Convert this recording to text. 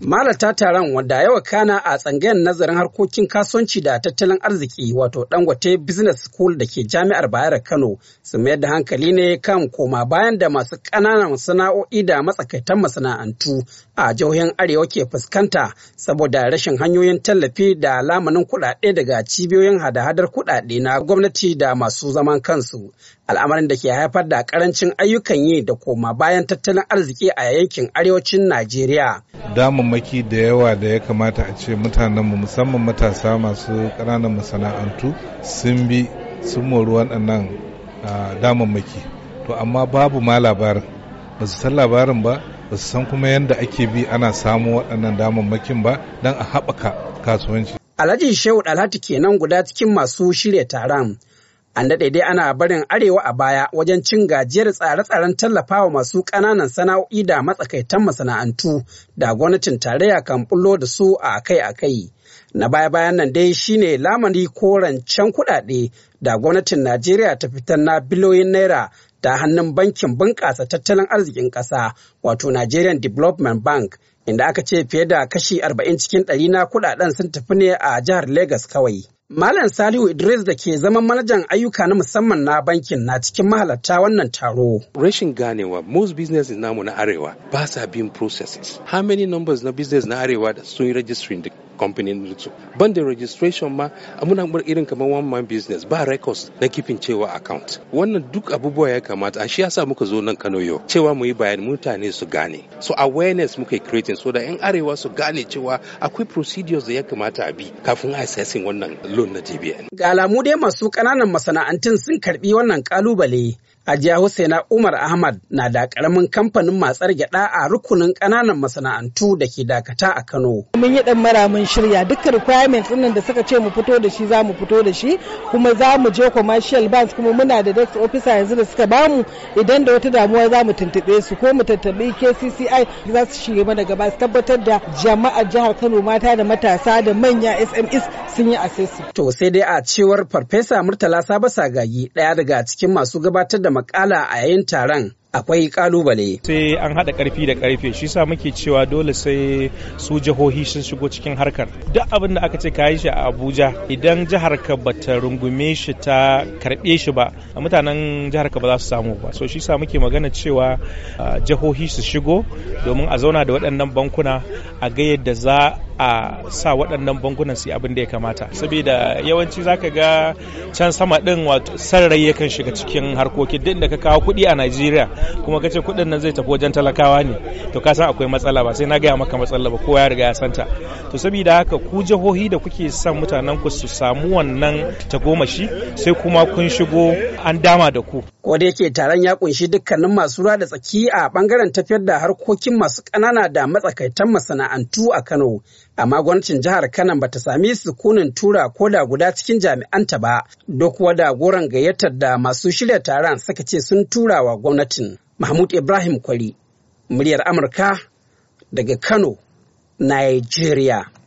Malata taron wanda yawa kana a tsangayar nazarin harkokin kasuwanci da tattalin arziki wato Dangote Business School da ke Jami'ar bayar Kano su mayar da hankali ne kan koma bayan da masu ƙananan sana'o'i da matsakaitan masana'antu a jihohin Arewa ke fuskanta saboda rashin hanyoyin tallafi da lamunin kuɗaɗe daga cibiyoyin hada-hadar kuɗaɗe na gwamnati da masu zaman kansu. al'amarin da ke haifar da karancin ayyukan yi da koma bayan tattalin arziki a yankin arewacin najeriya damammaki da yawa da ya kamata a ce mutanenmu musamman matasa masu ƙananan masana'antu sun bi sun mori waɗannan damammaki to amma babu ma labarin ba su san labarin ba ba su san kuma yadda ake bi ana samu waɗannan damammakin ba don a haɓaka kasuwanci alhaji shehu dalhatu kenan guda cikin masu shirya taron An daɗe dai ana barin arewa a baya wajen cin gajiyar tsare-tsaren tallafawa masu ƙananan sana'o'i da matsakaitan masana'antu da gwamnatin tarayya kan bullo da su a kai-a kai. Na baya-bayan nan dai shine lamari ko rancen kuɗaɗe da gwamnatin Najeriya ta fitar na biliyoyin naira ta hannun bankin bunƙasa tattalin arzikin ƙasa wato Nigerian Development Bank inda aka ce fiye da kashi arba'in cikin ɗari na kuɗaɗen sun tafi ne a jihar Legas kawai. Malam Salihu Idris da ke zaman manajan ayyuka na musamman na bankin na cikin mahalarta wannan taro. Rashin ganewa most business namu na arewa ba sa bin processes. How many numbers na business na arewa da sun yi registering kamfanin su ban da registration ma muna bar irin kamar one man business ba records na kifin cewa account wannan duk abubuwa ya kamata a shi yasa muka zo nan Kano yau cewa mu yi bayan mutane su gane so awareness muka creating so da yan arewa su gane cewa akwai procedures da ya kamata a bi kafin assessing wannan loan na JBN ga alamu dai masu kananan masana'antun sun karbi wannan kalubale jiya Husaina Umar Ahmad na da karamin kamfanin matsar gyada a rukunin kananan masana'antu da ke dakata a Kano. Mun yi dan maramin shirya duk requirements ɗin da suka ce mu fito da shi za mu fito da shi kuma za mu je commercial banks kuma muna da desk officer yanzu da suka bamu idan da wata damuwa za mu tuntube su ko mu tattabi KCCI za su shiga mana gaba su tabbatar da jama'ar jihar Kano mata da matasa da manya SMEs sun yi assessment. To sai dai a cewar Farfesa Murtala sabasa Sagagi ɗaya daga cikin masu gabatar da makala a yayin taron akwai kalubale. Sai an haɗa karfi da karfe shi sa muke cewa dole sai su jihohi sun shigo cikin harkar. Duk abin da aka ce ka yi shi a Abuja idan jihar ka bata rungume shi ta karɓe shi ba a mutanen jihar ka ba za su samu ba. So shi sa muke magana cewa ah, jihohi su shigo domin a zauna da waɗannan bankuna a ga yadda za a sa waɗannan bangunan su abin da ya kamata saboda yawanci zaka ga can sama ɗin wato sarrai yakan shiga cikin harkokin duk da ka kawo kuɗi a Najeriya kuma kace kuɗin nan zai tafi wajen talakawa ne to ka san akwai matsala ba sai na gaya maka matsala ba kowa ya riga ya santa to saboda haka ku jihohi da kuke son mutanen ku su samu wannan tagomashi sai kuma kun shigo an dama da ku ko da yake taron ya kunshi dukkanin masu ruwa da tsaki a bangaren tafiyar da harkokin masu ƙanana da matsakaitan masana'antu a Kano amma gwamnatin jihar Kano bata sami sukunin tura ko da guda cikin jami'anta ba duk wada goron gayyatar da masu shirya taron suka ce sun tura wa gwamnatin. Mahmud Ibrahim Kwari, muryar Amurka daga Kano, Nigeria.